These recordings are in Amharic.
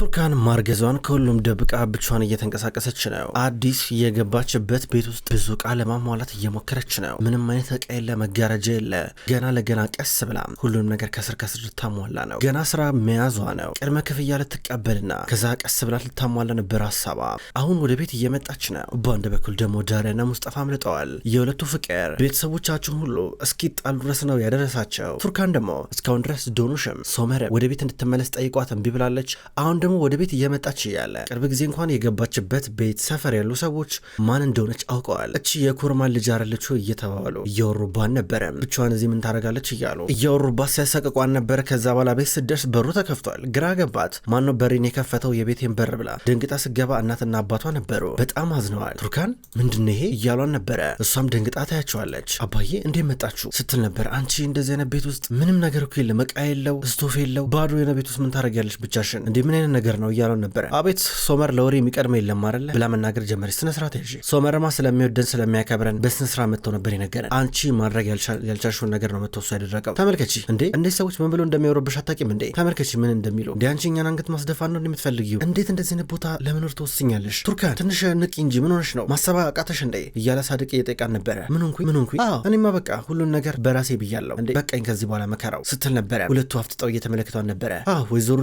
ቱርካን ማርገዟን ከሁሉም ደብቃ ብቻዋን እየተንቀሳቀሰች ነው። አዲስ የገባችበት ቤት ውስጥ ብዙ እቃ ለማሟላት እየሞከረች ነው። ምንም አይነት እቃ የለ፣ መጋረጃ የለ። ገና ለገና ቀስ ብላ ሁሉንም ነገር ከስር ከስር ልታሟላ ነው። ገና ስራ መያዟ ነው። ቅድመ ክፍያ ልትቀበልና ከዛ ቀስ ብላ ልታሟላ ነበር ሀሳቧ። አሁን ወደ ቤት እየመጣች ነው። በአንድ በኩል ደግሞ ዳሪያና ሙስጠፋ አምልጠዋል። የሁለቱ ፍቅር ቤተሰቦቻችን ሁሉ እስኪጣሉ ድረስ ነው ያደረሳቸው። ቱርካን ደግሞ እስካሁን ድረስ ዶኑሽም ሶመረ ወደ ቤት እንድትመለስ ጠይቋት እምቢ ብላለች። አሁን ደግሞ ወደ ቤት እየመጣች እያለ ቅርብ ጊዜ እንኳን የገባችበት ቤት ሰፈር ያሉ ሰዎች ማን እንደሆነች አውቀዋል። እቺ የኮርማ ልጅ አረለች እየተባሉ እያወሩባን ነበረ። ብቻዋን እዚህ ምን ታደርጋለች እያሉ እያወሩባት ሲያሰቅቋን ነበር። ከዛ በኋላ ቤት ስደርስ በሩ ተከፍቷል። ግራ ገባት። ማነው በሬን የከፈተው የቤቴን በር ብላ ደንግጣ ስገባ እናትና አባቷ ነበሩ። በጣም አዝነዋል። ቱርካን ምንድን ይሄ እያሏን ነበረ። እሷም ደንግጣ ታያቸዋለች። አባዬ እንዴት መጣችሁ ስትል ነበር። አንቺ እንደዚህ አይነት ቤት ውስጥ ምንም ነገር እኮ የለም፣ እቃ የለው፣ ስቶፍ የለው፣ ባዶ የሆነ ቤት ውስጥ ምን ታደርጊያለሽ ብቻሽን? እንዴ ምን አይነት ነገር ነው እያለው ነበረ። አቤት ሶመር ለወሬ የሚቀድመ የለም አለ ብላ መናገር ጀመረች። ስነስርዓት ያዥ ሶመርማ ስለሚወደን ስለሚያከብረን በስነስርዓት መጥተው ነበር የነገረን። አንቺ ማድረግ ያልቻልሽውን ነገር ነው መተወሱ ያደረገው። ተመልከቺ እንዴ ሰዎች ምን ብሎ እንደሚያወሩብሽ አታቂም እንዴ? ተመልከቺ ምን እንደሚለው እንዲ አንቺ እኛን አንገት ማስደፋ ነው እንደምትፈልጊው። እንዴት እንደዚህ ቦታ ለመኖር ተወስኛለሽ? ቱርካን ትንሽ ንቂ እንጂ ምን ሆነሽ ነው? ማሰባ አቃተሽ እንዴ? እያለ ሳድቅ እየጠቃን ነበረ። ምን ሆንኩኝ ምን ሆንኩኝ? አዎ እኔማ በቃ ሁሉን ነገር በራሴ ብያለሁ እንዴ በቃኝ ከዚህ በኋላ መከራው ስትል ነበረ። ሁለቱ አፍጥጠው እየተመለክቷን ነበረ። አዎ ወይዘሮ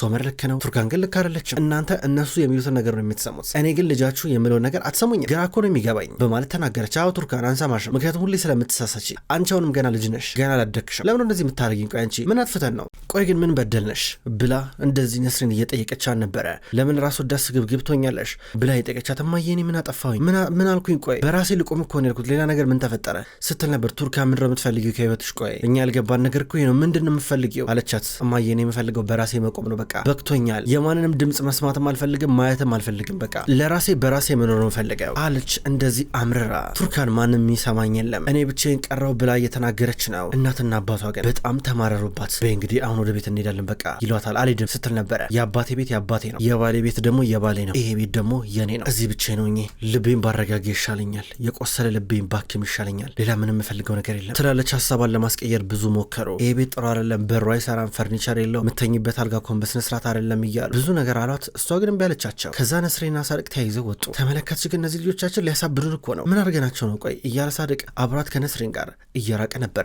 ሶመር ልክ ልክ ነው። ቱርካን ግን ልክ አይደለችም። እናንተ እነሱ የሚሉትን ነገር ነው የምትሰሙት፣ እኔ ግን ልጃችሁ የምለውን ነገር አትሰሙኝም፣ ግራ እኮ ነው የሚገባኝ በማለት ተናገረች። አዎ ቱርካን አንሰማሽም፣ ምክንያቱም ሁሌ ስለምትሳሳች አንቺ አሁንም ገና ልጅ ነሽ፣ ገና አላደግሽም። ለምን እንደዚህ የምታደርጊኝ? ቆይ አንቺ ምን አጥፍተን ነው? ቆይ ግን ምን በደልነሽ? ብላ እንደዚህ ነስሪን እየጠየቀቻ ነበረ። ለምን ራስ ወዳድ ስግብግብ ትሆኛለሽ? ብላ የጠየቀቻት። እማዬ እኔ ምን አጠፋሁኝ? ምን አልኩኝ? ቆይ በራሴ ልቆም እኮ ነው ያልኩት፣ ሌላ ነገር ምን ተፈጠረ? ስትል ነበር። ቱርካን ምንድን ነው የምትፈልጊው ከህይወትሽ? ቆይ እኛ ያልገባን ነገር እኮ ነው። ምንድን ነው የምትፈልጊው? አለቻት። እማዬ እኔ የምፈልገው በራሴ መቆም ነው፣ በቃ በቅቶ ከፍቶኛል። የማንንም ድምፅ መስማትም አልፈልግም፣ ማየትም አልፈልግም። በቃ ለራሴ በራሴ መኖር ፈልገው አለች። እንደዚህ አምርራ ቱርካን ማንም የሚሰማኝ የለም እኔ ብቻዬን ቀረው ብላ እየተናገረች ነው። እናትና አባቷ ግን በጣም ተማረሩባት። በይ እንግዲህ አሁን ወደ ቤት እንሄዳለን በቃ ይሏታል። አልሄድም ስትል ነበረ። የአባቴ ቤት የአባቴ ነው፣ የባሌ ቤት ደግሞ የባሌ ነው፣ ይሄ ቤት ደግሞ የኔ ነው። እዚህ ብቻ ነው ልቤን ባረጋጋ ይሻለኛል፣ የቆሰለ ልቤን ባክም ይሻለኛል። ሌላ ምንም የምፈልገው ነገር የለም ትላለች። ሀሳቧን ለማስቀየር ብዙ ሞከሩ። ይሄ ቤት ጥሩ አይደለም፣ በሩ አይሰራም፣ ፈርኒቸር የለው፣ የምተኝበት አልጋ ኮን በስነስርዓት አይደለም አይደለም እያሉ ብዙ ነገር አሏት። እሷ ግን እምቢ አለቻቸው። ከዛ ነስሬና ሳድቅ ተያይዘው ወጡ። ተመለከትሽ ግን እነዚህ ልጆቻችን ሊያሳብዱን እኮ ነው። ምን አድርገናቸው ነው? ቆይ እያለ ሳድቅ አብሯት ከነስሬን ጋር እየራቀ ነበረ።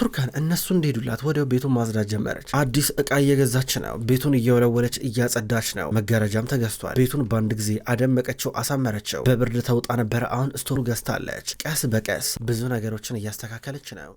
ቱርካን እነሱ እንደሄዱላት ወዲያው ቤቱን ማጽዳት ጀመረች። አዲስ እቃ እየገዛች ነው። ቤቱን እየወለወለች እያጸዳች ነው። መጋረጃም ተገዝቷል። ቤቱን በአንድ ጊዜ አደመቀችው፣ አሳመረችው። በብርድ ተውጣ ነበረ። አሁን ስቶሩ ገዝታለች። ቀስ በቀስ ብዙ ነገሮችን እያስተካከለች ነው።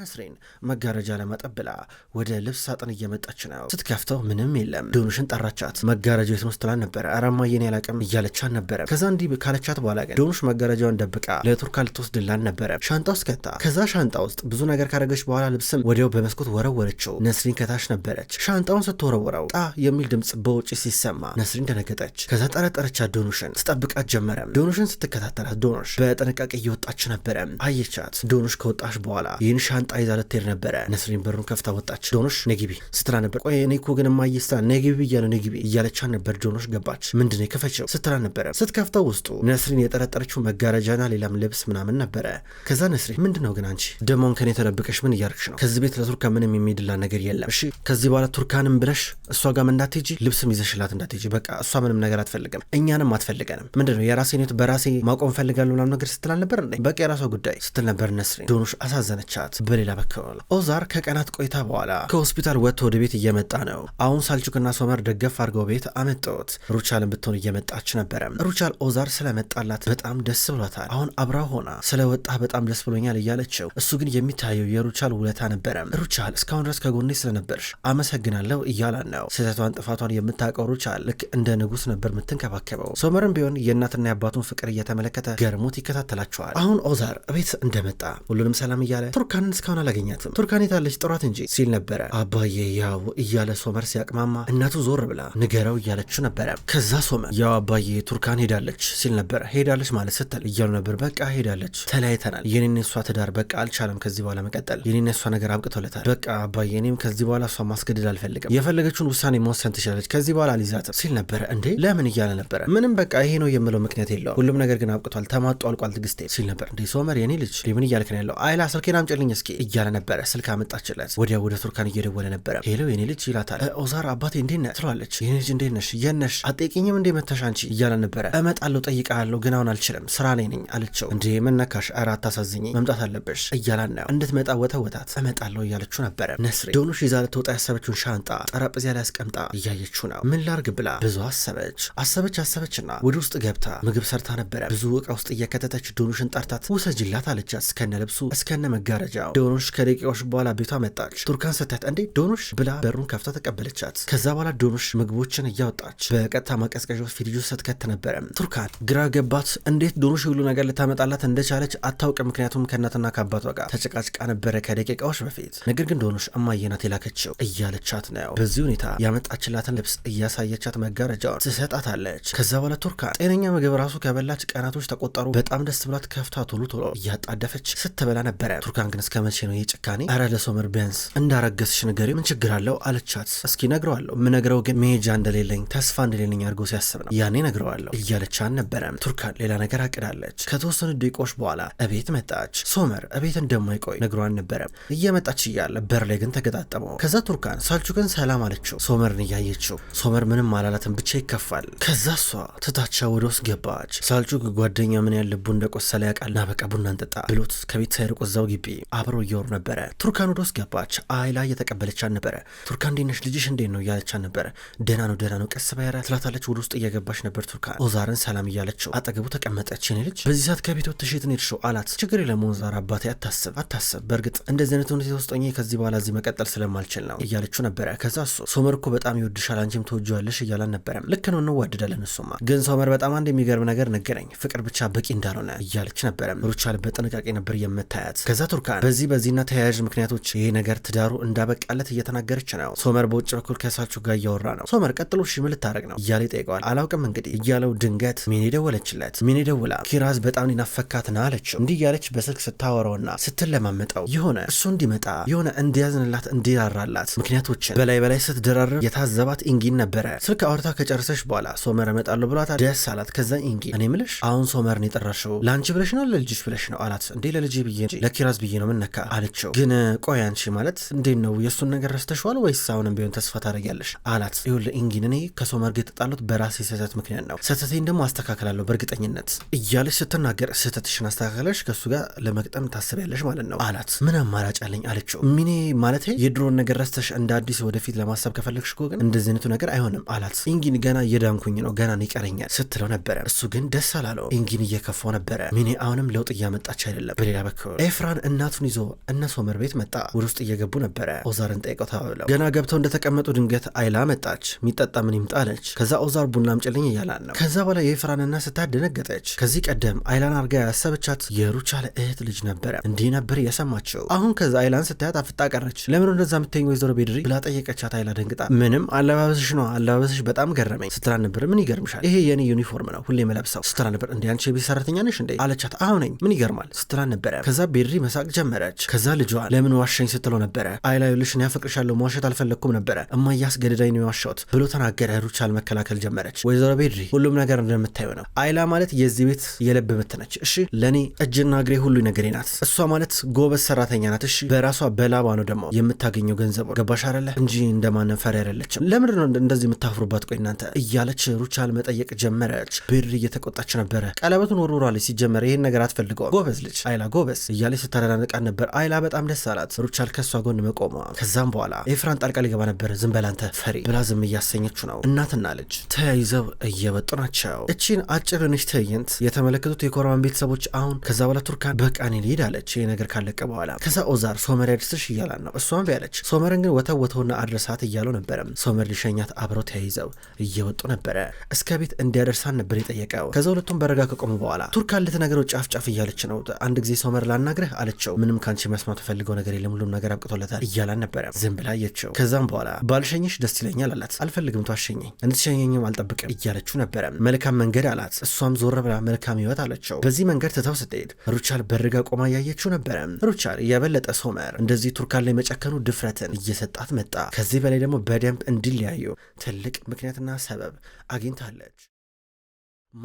ነስሬን መጋረጃ ለማጠብ ብላ ወደ ልብስ ሳጥን እየመጣች ነው። ስትከፍተው ምንም የለም። ዶኑሽን ጠራቻት። መጋረጃ የት ነው ነበረ። አራማ የኔ እያለቻን ነበረ። ከዛ እንዲህ ካለቻት በኋላ ግን ዶኑሽ መጋረጃውን ደብቃ ለቱርካ ልትወስድላን ነበረ። ሻንጣ ውስጥ ከታ። ከዛ ሻንጣ ውስጥ ብዙ ነገር ካደረገች በኋላ ልብስም ወዲያው በመስኮት ወረወረችው። ነስሪን ከታች ነበረች። ሻንጣውን ስትወረወረው ጣ የሚል ድምፅ በውጪ ሲሰማ ነስሪን ደነገጠች። ከዛ ጠረጠረቻት። ዶኑሽን ስጠብቃት ጀመረም። ዶኑሽን ስትከታተላት ዶኖሽ በጥንቃቄ እየወጣች ነበረ። አየቻት። ዶኑሽ ከወጣች በኋላ ይህን ፈንጣ ይዛ ልትሄድ ነበረ። ነስሪን በሩን ከፍታ ወጣች። ዶኖሽ ነግቢ ስትላ ነበር። ቆይ እኔ እኮ ግን ማየስታ ነግቢ እያለ ነግቢ እያለቻ ነበር። ዶኖሽ ገባች። ምንድን ነው የከፈችው ስትላ ነበረ። ስትከፍተው ውስጡ ነስሪን የጠረጠረችው መጋረጃና ሌላም ልብስ ምናምን ነበረ። ከዛ ነስሪን ምንድነው ግን አንቺ ደሞን ከኔ ተደብቀሽ ምን እያርክሽ ነው? ከዚህ ቤት ለቱርካ ምንም የሚድላ ነገር የለም። እሺ ከዚህ በኋላ ቱርካንም ብለሽ እሷ ጋም እንዳትሄጂ፣ ልብስም ይዘሽላት እንዳትሄጂ። በቃ እሷ ምንም ነገር አትፈልግም፣ እኛንም አትፈልገንም። ምንድነው የራሴ ኔት በራሴ ማቆም ፈልጋለሁ ምናምን ነገር ስትላል ነበር። እንዴ? በቃ የራሷ ጉዳይ ስትል ነበር ነስሪን። ዶኖሽ አሳዘነቻት። በሌላ በኩል ኦዛር ከቀናት ቆይታ በኋላ ከሆስፒታል ወጥቶ ወደ ቤት እየመጣ ነው። አሁን ሳልቹክና ሶመር ደገፍ አድርገው ቤት አመጡት። ሩቻልን ብትሆን እየመጣች ነበረ። ሩቻል ኦዛር ስለመጣላት በጣም ደስ ብሏታል። አሁን አብራ ሆና ስለወጣ በጣም ደስ ብሎኛል እያለችው፣ እሱ ግን የሚታየው የሩቻል ውለታ ነበረ። ሩቻል እስካሁን ድረስ ከጎኔ ስለነበርሽ አመሰግናለሁ እያላን ነው። ስህተቷን ጥፋቷን የምታውቀው ሩቻል ልክ እንደ ንጉስ ነበር የምትንከባከበው። ሶመርም ቢሆን የእናትና የአባቱን ፍቅር እየተመለከተ ገርሞት ይከታተላቸዋል። አሁን ኦዛር ቤት እንደመጣ ሁሉንም ሰላም እያለ ቱርካን ቱርካንን እስካሁን አላገኛትም። ቱርካን የታለች ጥሯት እንጂ ሲል ነበረ። አባዬ ያው እያለ ሶመር ሲያቅማማ እናቱ ዞር ብላ ንገረው እያለችው ነበረ። ከዛ ሶመር ያው አባዬ ቱርካን ሄዳለች ሲል ነበረ። ሄዳለች ማለት ስትል እያሉ ነበር። በቃ ሄዳለች፣ ተለያይተናል። የኔን እሷ ትዳር በቃ አልቻለም ከዚህ በኋላ መቀጠል። የኔን እሷ ነገር አብቅቶለታል። በቃ አባዬ እኔም ከዚህ በኋላ እሷ ማስገደድ አልፈልግም። የፈለገችውን ውሳኔ መወሰን ትችላለች። ከዚህ በኋላ አልይዛትም ሲል ነበረ። እንዴ ለምን እያለ ነበረ። ምንም በቃ ይሄ ነው የምለው ምክንያት የለውም። ሁሉም ነገር ግን አብቅቷል። ተማጡ አልቋል ትግስቴ ሲል ነበር። እንዴ ሶመር የኔ ልጅ ምን እያልክ ነው ያለው? አይላ ስልኬን አምጪልኝ እስኪ እያለ ነበረ። ስልክ አመጣችለት። ወዲያ ወደ ቱርካን እየደወለ ነበረ። ሄሎ የኔ ልጅ ይላታል። ኦዛር አባቴ እንዴት ነህ ትሏለች። የኔ ልጅ እንዴት ነሽ? የነሽ ነሽ? እንዴ መተሽ አንቺ እያለ ነበረ። እመጣለሁ ጠይቃለሁ፣ ግን አሁን አልችልም፣ ስራ ላይ ነኝ አለችው። እንዴ ምን ነካሽ? ኧረ አታሳዝኝ፣ መምጣት አለብሽ እያላን ነው። እንድትመጣ ወተወታት። እመጣለሁ እያለችው ነበረ። ነስሪ ዶኑሽ ይዛ ልትወጣ ያሰበችውን ሻንጣ ጠረጴዛ ላይ አስቀምጣ እያየችው ነው። ምን ላርግ ብላ ብዙ አሰበች አሰበች አሰበችና ወደ ውስጥ ገብታ ምግብ ሰርታ ነበረ። ብዙ እቃ ውስጥ እየከተተች ዶኖሽን ጠርታት ውሰጅላት አለቻት። እስከነ ልብሱ እስከነ መጋረጃው ዶኖሽ ከደቂቃዎች በኋላ ቤቷ መጣች። ቱርካን ስታያት እንዴ ዶኖሽ ብላ በሩን ከፍታ ተቀበለቻት። ከዛ በኋላ ዶኖሽ ምግቦችን እያወጣች በቀጥታ ማቀዝቀዣ ውስጥ ፊልጅ ስትከት ነበረ። ቱርካን ግራ ገባት። እንዴት ዶኖሽ ሁሉ ነገር ልታመጣላት እንደቻለች አታውቅም። ምክንያቱም ከእናትና ከአባቷ ጋር ተጨቃጭቃ ነበረ ከደቂቃዎች በፊት። ነገር ግን ዶኖሽ እማየናት የላከችው እያለቻት ነው። በዚህ ሁኔታ ያመጣችላትን ልብስ እያሳየቻት መጋረጃውን ትሰጣታለች። ከዛ በኋላ ቱርካን ጤነኛ ምግብ ራሱ ከበላች ቀናቶች ተቆጠሩ። በጣም ደስ ብላት ከፍታ ቶሎ ቶሎ እያጣደፈች ስትበላ ነበረ። ቱርካን ግን እስከ መቼ ነው የጭካኔ? ጭካኔ? አረ ለሶመር ቢያንስ እንዳረገስሽ ንገሪ፣ ምን ችግር አለው አለቻት። እስኪ ነግረዋለሁ፣ ምነግረው ግን መሄጃ እንደሌለኝ ተስፋ እንደሌለኝ አድርጎ ሲያስብ ነው። ያኔ ነግረዋለሁ እያለች አልነበረም። ቱርካን ሌላ ነገር አቅዳለች። ከተወሰኑ ደቂቆች በኋላ እቤት መጣች። ሶመር እቤት እንደማይቆይ ነግሮ አልነበረም። እየመጣች እያለ በር ላይ ግን ተገጣጠመው። ከዛ ቱርካን ሳልቹ ግን ሰላም አለችው። ሶመርን እያየችው ሶመር ምንም አላላትን፣ ብቻ ይከፋል። ከዛ እሷ ትታቻ ወደ ውስጥ ገባች። ሳልቹ ጓደኛ ምን ያለ ልቡ እንደቆሰለ ያውቃል። ና በቃ ቡና እንጠጣ ብሎት ከቤት ሳይርቁ እዛው ግቢ አብሮ አብረው እየወሩ ነበረ። ቱርካን ወደ ውስጥ ገባች። አይላ እየተቀበለቻት ነበረ። ቱርካን እንዴት ነሽ? ልጅሽ እንዴት ነው እያለቻት ነበረ። ደህና ነው ደህና ነው ቀስ በያራ ትላታለች። ወደ ውስጥ እየገባች ነበር። ቱርካን ኦዛርን ሰላም እያለችው አጠገቡ ተቀመጠች። የኔ ልጅ በዚህ ሰዓት ከቤት ወጥተሽ የት ነው የሄድሽው? አላት። ችግር የለም ኦዛር አባቴ፣ አታስብ አታስብ። በእርግጥ እንደዚህ አይነት ሁኔታ ውስጥ ሆኜ ከዚህ በኋላ እዚህ መቀጠል ስለማልችል ነው እያለችው ነበረ። ከዛ እሱ ሶመር እኮ በጣም ይወድሻል፣ አንቺም ትወጂዋለሽ እያላን ነበረም። ልክ ነው እንዋደዳለን። እሱማ ግን ሶመር በጣም አንድ የሚገርም ነገር ነገረኝ፣ ፍቅር ብቻ በቂ እንዳልሆነ እያለች ነበረም። ሩቻል በጥንቃቄ ነበር የምታያት። ከዛ ቱርካን በዚህ በዚህ በዚህና ተያያዥ ምክንያቶች ይሄ ነገር ትዳሩ እንዳበቃለት እየተናገረች ነው። ሶመር በውጭ በኩል ከእሳቸው ጋር እያወራ ነው። ሶመር ቀጥሎ ሺ ምን ልታደርግ ነው እያለ ይጠይቀዋል። አላውቅም እንግዲህ እያለው ድንገት ሚኔ ደወለችለት። ሚኔ ደውላ ኪራዝ በጣም ሊናፈካት ና አለችው። እንዲህ እያለች በስልክ ስታወራውና ስትለማመጠው የሆነ እሱ እንዲመጣ የሆነ እንዲያዝንላት እንዲራራላት ምክንያቶችን በላይ በላይ ስትደራርብ የታዘባት ኢንጊን ነበረ። ስልክ አውርታ ከጨረሰች በኋላ ሶመር እመጣለሁ ብሏታ ደስ አላት። ከዛ ኢንጊ እኔ ምልሽ አሁን ሶመርን የጠራሽው ለአንቺ ብለሽ ነው ለልጅሽ ብለሽ ነው አላት። እንዴ ለልጅ ብዬ እንጂ ለኪራዝ ብዬ ነው ምነካ ለካ አለችው። ግን ቆይ አንቺ ማለት እንዴት ነው የእሱን ነገር ረስተሸዋል ወይስ አሁንም ቢሆን ተስፋ ታደርጊያለሽ? አላት። ይኸውልህ ኢንጊን እኔ ከሰው መርግ የተጣሉት በራሴ ስህተት ምክንያት ነው። ስህተቴን ደግሞ አስተካከላለሁ በእርግጠኝነት እያለች ስትናገር፣ ስህተትሽን አስተካክለሽ ከእሱ ጋር ለመቅጠም ታስቢያለሽ ማለት ነው አላት። ምን አማራጭ አለኝ አለችው። ሚኔ ማለት የድሮን ነገር ረስተሽ እንደ አዲስ ወደፊት ለማሰብ ከፈለግሽ እኮ ግን እንደዚህ አይነቱ ነገር አይሆንም አላት። ኢንጊን ገና እየዳንኩኝ ነው ገና ይቀረኛል ስትለው ነበረ። እሱ ግን ደስ አላለው። ኢንጊን እየከፋው ነበረ። ሚኔ አሁንም ለውጥ እያመጣች አይደለም። በሌላ በኩል ኤፍራን እናቱን ይዞ እነ ሶመር ቤት መጣ። ወደ ውስጥ እየገቡ ነበረ። ኦዛርን ጠይቀው ተባብለው ገና ገብተው እንደተቀመጡ ድንገት አይላ መጣች። የሚጠጣ ምን ይምጣ አለች። ከዛ ኦዛር ቡናም ጭልኝ እያላን ነው። ከዛ በኋላ የፍራንና ስታ ደነገጠች። ከዚህ ቀደም አይላን አርጋ ያሰበቻት የሩቻለ እህት ልጅ ነበረ። እንዲህ ነበር የሰማችው። አሁን ከዛ አይላን ስታያት አፍጣ ቀረች። ለምን እንደዛ የምትኝ ወይዘሮ ቤድሪ ብላ ጠየቀቻት። አይላ ደንግጣ ምንም አለባበስሽ ነው አለባበስሽ በጣም ገረመኝ ስትላን ነበር። ምን ይገርምሻል? ይሄ የኔ ዩኒፎርም ነው ሁሌ መለብሰው ስትላን ነበር። እንዲ አንቺ የቤት ሰራተኛ ነሽ እንዴ አለቻት። አሁነኝ ምን ይገርማል ስትላን ነበረ። ከዛ ቤድሪ መሳቅ ጀመረ። ነበረች። ከዛ ልጇ ለምን ዋሻኝ ስትለው ነበረ። አይላዩልሽ እኔ አፈቅርሻለሁ መዋሸት አልፈለግኩም ነበረ እማ አስገድዳኝ ነው ብሎ ተናገረ። ሩቻል መከላከል ጀመረች። ወይዘሮ ቤድሪ ሁሉም ነገር እንደምታየው ነው። አይላ ማለት የዚህ ቤት የልብ ምት ነች። እሺ ለእኔ እጅና እግሬ ሁሉ ነገሬ ናት። እሷ ማለት ጎበዝ ሰራተኛ ናት። እሺ በራሷ በላባ ነው ደግሞ የምታገኘው ገንዘብ ገባሽ አለ እንጂ እንደማንም ፈሪ አይደለችም። ለምንድን ነው እንደዚህ የምታፍሩባት? ቆይ እናንተ እያለች ሩቻል መጠየቅ ጀመረች። ቤድሪ እየተቆጣች ነበረ። ቀለበቱን ወርውራለች። ሲጀመረ ይህን ነገር አትፈልገው ጎበዝ ልጅ አይላ ጎበዝ እያለች ስታደናነቃ ነበር። አይላ በጣም ደስ አላት ሩቻል ከእሷ ጎን መቆሟ። ከዛም በኋላ ኤፍራን ጣልቃ ሊገባ ነበር። ዝም በላንተ ፈሪ ብላ ዝም እያሰኘችው ነው። እናትና ልጅ ተያይዘው እየወጡ ናቸው። እቺን አጭር ንሽ ትዕይንት የተመለከቱት የኮራማን ቤተሰቦች አሁን ከዛ በኋላ ቱርካን በቃኔ ሊሄድ አለች። ይህ ነገር ካለቀ በኋላ ከዛ ኦዛር ሶመር ያድርስሽ እያላን ነው። እሷም ያለች ሶመርን ግን ወተወተውና አድረሳት እያለው ነበረም። ሶመር ሊሸኛት አብረው ተያይዘው እየወጡ ነበረ። እስከ ቤት እንዲያደርሳን ነበር የጠየቀው። ከዛ ሁለቱም በረጋ ከቆሙ በኋላ ቱርካን ልትነገረው ጫፍ ጫፍ እያለች ነው። አንድ ጊዜ ሶመር ላናግረህ አለችው። ምንም ከአንቺ መስማት ፈልገው ነገር የለም ሁሉም ነገር አብቅቶለታል እያላን ነበረ። ዝም ብላ አየችው። ከዛም በኋላ ባልሸኝሽ ደስ ይለኛል አላት። አልፈልግም ታሸኘኝ እንድትሸኘኝም አልጠብቅም እያለችው ነበረ። መልካም መንገድ አላት። እሷም ዞር ብላ መልካም ህይወት አለችው። በዚህ መንገድ ትተው ስትሄድ ሩቻል በርጋ ቆማ እያየችው ነበረ። ሩቻል የበለጠ ሶመር እንደዚህ ቱርካን ላይ መጨከኑ ድፍረትን እየሰጣት መጣ። ከዚህ በላይ ደግሞ በደንብ እንዲለያዩ ትልቅ ምክንያትና ሰበብ አግኝታለች።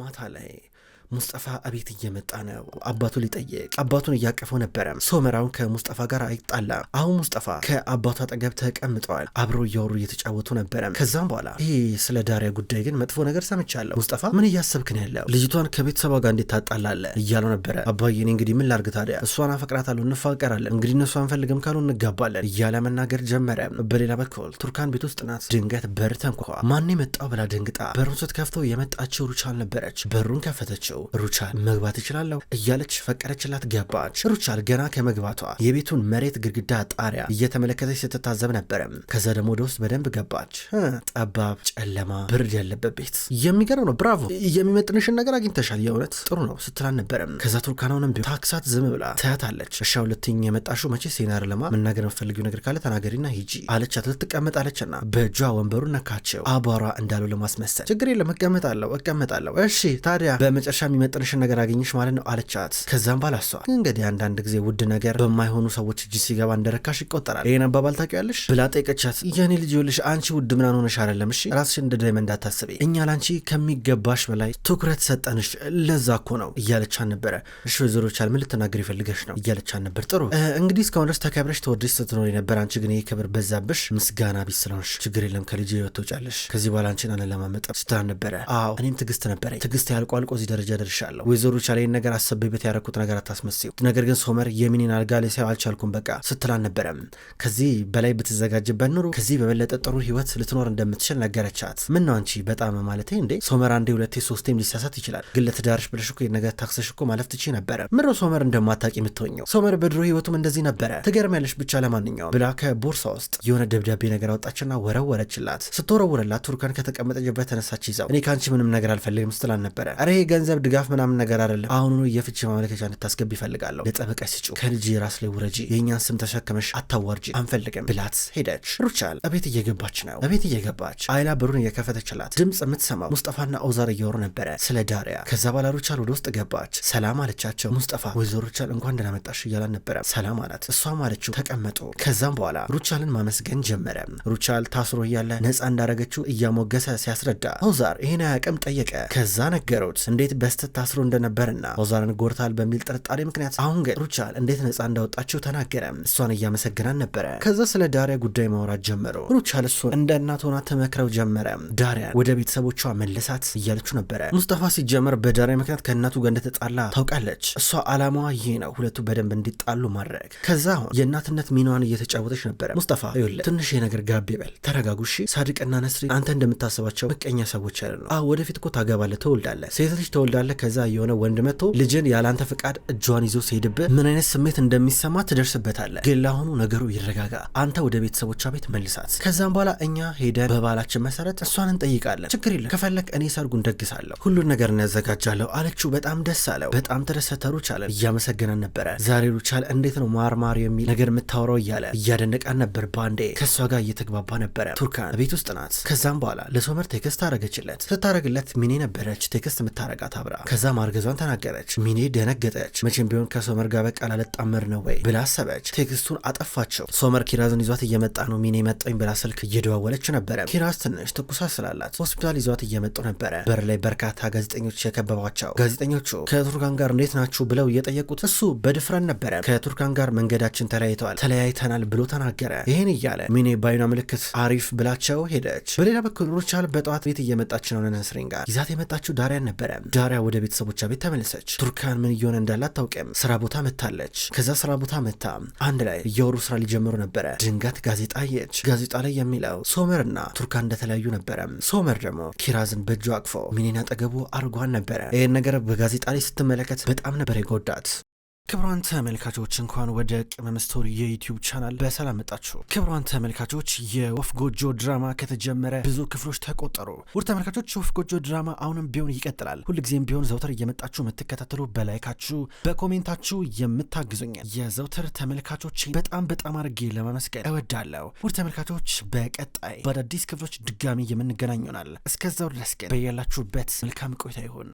ማታ ላይ ሙስጠፋ አቤት እየመጣ ነው። አባቱ ሊጠየቅ አባቱን እያቀፈው ነበረ። ሶመራውን ከሙስጠፋ ጋር አይጣላም። አሁን ሙስጠፋ ከአባቱ አጠገብ ተቀምጠዋል። አብረው እያወሩ እየተጫወቱ ነበረ። ከዛም በኋላ ይሄ ስለ ዳሪያ ጉዳይ ግን መጥፎ ነገር ሰምቻለሁ። ሙስጠፋ ምን እያሰብክ ነው ያለው ልጅቷን ከቤተሰቧ ጋር እንዴት ታጣላለ እያለው ነበረ። አባዬ እኔ እንግዲህ ምን ላርግ ታዲያ እሷን አፈቅራታለሁ፣ እንፋቀራለን፣ እንግዲህ እነሱ አንፈልግም ካሉ እንጋባለን እያለ መናገር ጀመረ። በሌላ በኩል ቱርካን ቤት ውስጥ ናት። ድንገት በር ተንኳኳ። ማን የመጣው ብላ ደንግጣ በሩን ስትከፍተው የመጣችው ሩቻል ነበረች። በሩን ከፈተችው። ነው። ሩቻል መግባት እችላለሁ እያለች ፈቀደችላት። ገባች። ሩቻል ገና ከመግባቷ የቤቱን መሬት ግድግዳ፣ ጣሪያ እየተመለከተች ስትታዘብ ነበረም። ከዛ ደግሞ ወደ ውስጥ በደንብ ገባች። ጠባብ፣ ጨለማ፣ ብርድ ያለበት ቤት የሚገርም ነው። ብራቮ የሚመጥንሽን ነገር አግኝተሻል፣ የእውነት ጥሩ ነው ስትል አልነበረም። ከዛ ቱርካናውንም ቢሆን ታክሳት ዝም ብላ ታያታለች። እሻ ሁለትኝ የመጣሹ መቼ ሴናር ለማ መናገር የምፈልጊው ነገር ካለ ተናገሪና ሂጂ አለቻት። ልትቀመጣለችና በእጇ ወንበሩን ነካቸው። አቧሯ እንዳሉ ለማስመሰል ችግር የለም እቀመጣለሁ እቀመጣለሁ። እሺ ታዲያ በመጨረሻ በጣም የሚመጥንሽን ነገር አገኘሽ ማለት ነው አለቻት። ከዛም ባል አስተዋል እንግዲህ አንዳንድ ጊዜ ውድ ነገር በማይሆኑ ሰዎች እጅ ሲገባ እንደረካሽ ይቆጠራል። ይህን አባባል ታውቂያለሽ ብላ ጠይቀቻት። የኔ ልጅ ይኸውልሽ አንቺ ውድ ምናን ሆነሽ አይደለም እሺ፣ ራስሽን እንደ ዳይመንድ እንዳታስቢ። እኛ ለአንቺ ከሚገባሽ በላይ ትኩረት ሰጠንሽ፣ ለዛ እኮ ነው እያለቻን ነበረ። እሺ ወይዘሮ ቻል ምን ልትናገር ይፈልገሽ ነው እያለቻን ነበር። ጥሩ እንግዲህ እስካሁን ድረስ ተከብረሽ ተወደሽ ስትኖር ነበር። አንቺ ግን ይህ ክብር በዛብሽ። ምስጋና ቢስ ስለሆንሽ ችግር የለም ከልጅ ህይወት ትወጫለሽ። ከዚህ በኋላ አንቺን ለማመጠር ስትላን ነበረ። አዎ እኔም ትግስት ነበረኝ። ትግስት ያልቆ አልቆ እዚህ ደረጃ ተደርሻለሁ። ወይዘሮ ቻላ ይህን ነገር አሰብበት ያደረኩት ነገር አታስመስዩ። ነገር ግን ሶመር የሚኒን አልጋ ላይ አልቻልኩም በቃ ስትል አልነበረም። ከዚህ በላይ ብትዘጋጅበት ኑሮ ከዚህ በበለጠ ጥሩ ህይወት ልትኖር እንደምትችል ነገረቻት። ምን ነው አንቺ በጣም ማለት እንዴ ሶመር አንዴ ሁለቴ ሶስቴም ሊሳሳት ይችላል። ግን ለትዳርሽ ብለሽ እኮ ነገር ታክሰሽ እኮ ማለፍ ትቼ ነበረ። ምን ሶመር እንደማታውቂ የምትሆኘው? ሶመር በድሮ ህይወቱም እንደዚህ ነበረ። ትገርሚያለሽ ብቻ ለማንኛውም ብላ ከቦርሳ ውስጥ የሆነ ደብዳቤ ነገር አወጣችና ወረወረችላት። ስትወረውረላት ቱርካን ከተቀመጠችበት ተነሳች ይዘው እኔ ከአንቺ ምንም ነገር አልፈልግም ስትል አልነበረ። አረ ይሄ ገንዘብ ድጋፍ ምናምን ነገር አይደለም። አሁኑኑ የፍቺ ማመለከቻ እንድታስገብ ይፈልጋለሁ። ለጠበቃ ስጩ፣ ከልጅ ራስ ላይ ውረጂ፣ የእኛን ስም ተሸክመሽ አታዋርጂ፣ አንፈልግም ብላት ሄደች። ሩቻል እቤት እየገባች ነው። እቤት እየገባች አይላ በሩን እየከፈተችላት ድምፅ የምትሰማው ሙስጠፋና ኦዛር እያወሩ ነበረ ስለ ዳሪያ። ከዛ በላ ሩቻል ወደ ውስጥ ገባች። ሰላም አለቻቸው። ሙስጠፋ ወይዘሮ ሩቻል እንኳን ደህና መጣሽ እያላን ነበረ። ሰላም አላት። እሷም አለችው ተቀመጡ። ከዛም በኋላ ሩቻልን ማመስገን ጀመረ። ሩቻል ታስሮ እያለ ነፃ እንዳረገችው እያሞገሰ ሲያስረዳ ኦዛር ይህን አያውቅም ጠየቀ። ከዛ ነገሩት እንዴት በስ በስህተት ታስሮ እንደነበርና ኦዛርን ጎርታል በሚል ጥርጣሬ ምክንያት አሁን ግን ሩቻል እንዴት ነጻ እንዳወጣችው ተናገረ። እሷን እያመሰግናን ነበረ። ከዛ ስለ ዳሪያ ጉዳይ ማውራት ጀመሩ። ሩቻል እሱን እንደ እናት ሆና ተመክረው ጀመረ። ዳሪያን ወደ ቤተሰቦቿ መለሳት እያለች ነበረ። ሙስጠፋ ሲጀመር በዳሪያ ምክንያት ከእናቱ ጋር እንደተጣላ ታውቃለች። እሷ አላማዋ ይህ ነው፣ ሁለቱ በደንብ እንዲጣሉ ማድረግ። ከዛ አሁን የእናትነት ሚናዋን እየተጫወተች ነበረ። ሙስጠፋ ይኸውልህ ትንሽ የነገር ጋብ ይበል፣ ተረጋጉ እሺ። ሳድቅና ነስሪ አንተ እንደምታስባቸው ምቀኛ ሰዎች ያለ ነው። ወደፊት እኮ ታገባለህ፣ ትወልዳለህ። ሴት ልጅ ተወልዳ ትሄዳለህ። ከዛ የሆነ ወንድ መጥቶ ልጅን ያላንተ ፍቃድ እጇን ይዞ ሲሄድብህ ምን አይነት ስሜት እንደሚሰማ ትደርስበታለ። ግን ለአሁኑ ነገሩ ይረጋጋ። አንተ ወደ ቤተሰቦቿ ቤት መልሳት። ከዛም በኋላ እኛ ሄደን በባህላችን መሰረት እሷን እንጠይቃለን። ችግር የለም ከፈለግ እኔ ሰርጉን ደግሳለሁ፣ ሁሉን ነገር እናዘጋጃለሁ አለችው። በጣም ደስ አለው። በጣም ተደሰተ። ሩቻል እያመሰገነን ነበረ። ዛሬ ሩቻል እንዴት ነው ማርማር የሚል ነገር የምታወራው እያለ እያደነቃን ነበር። ባንዴ ከእሷ ጋር እየተግባባ ነበረ። ቱርካን ቤት ውስጥ ናት። ከዛም በኋላ ለሶመር ቴክስት አረገችለት። ስታረግለት ሚኔ ነበረች ቴክስት የምታረጋት አብረ አብራ። ከዛ ማርገዟን ተናገረች። ሚኔ ደነገጠች። መቼም ቢሆን ከሶመር ጋር በቃ አልጣመር ነው ወይ ብላ አሰበች። ቴክስቱን አጠፋቸው። ሶመር ኪራዝን ይዟት እየመጣ ነው፣ ሚኔ መጣኝ ብላ ስልክ እየደዋወለች ነበረ። ኪራዝ ትንሽ ትኩሳት ስላላት ሆስፒታል ይዟት እየመጡ ነበረ። በር ላይ በርካታ ጋዜጠኞች የከበቧቸው። ጋዜጠኞቹ ከቱርካን ጋር እንዴት ናችሁ ብለው እየጠየቁት እሱ በድፍረን ነበረ። ከቱርካን ጋር መንገዳችን ተለያይተዋል ተለያይተናል ብሎ ተናገረ። ይህን እያለ ሚኔ ባይኗ ምልክት አሪፍ ብላቸው ሄደች። በሌላ በኩል ሩቻል በጠዋት ቤት እየመጣች ነው። ነስሪን ጋር ይዛት የመጣችው ዳሪያን ነበረ። ዳሪያ ወደ ቤተሰቦቿ ቤት ተመለሰች። ቱርካን ምን እየሆነ እንዳለ አታውቅም። ስራ ቦታ መታለች። ከዛ ስራ ቦታ መታ አንድ ላይ እየወሩ ስራ ሊጀምሩ ነበረ። ድንጋት ጋዜጣ አየች። ጋዜጣ ላይ የሚለው ሶመርና ቱርካን እንደተለያዩ ነበረ። ሶመር ደግሞ ኪራዝን በእጁ አቅፎ ሚኔን አጠገቡ አርጓን ነበረ። ይህን ነገር በጋዜጣ ላይ ስትመለከት በጣም ነበር የጎዳት። ክብሯን ተመልካቾች እንኳን ወደ ቅመም ስቶሪ የዩቲዩብ ቻናል በሰላም መጣችሁ። ክብሯን ተመልካቾች የወፍ ጎጆ ድራማ ከተጀመረ ብዙ ክፍሎች ተቆጠሩ። ውድ ተመልካቾች ወፍ ጎጆ ድራማ አሁንም ቢሆን ይቀጥላል። ሁልጊዜም ቢሆን ዘውተር እየመጣችሁ የምትከታተሉ በላይካችሁ፣ በኮሜንታችሁ የምታግዙኝ የዘውተር ተመልካቾች በጣም በጣም አድርጌ ለማመስገን እወዳለሁ። ውድ ተመልካቾች በቀጣይ በአዳዲስ ክፍሎች ድጋሚ የምንገናኙናል። እስከዛው ድረስ ግን በያላችሁበት መልካም ቆይታ ይሁን።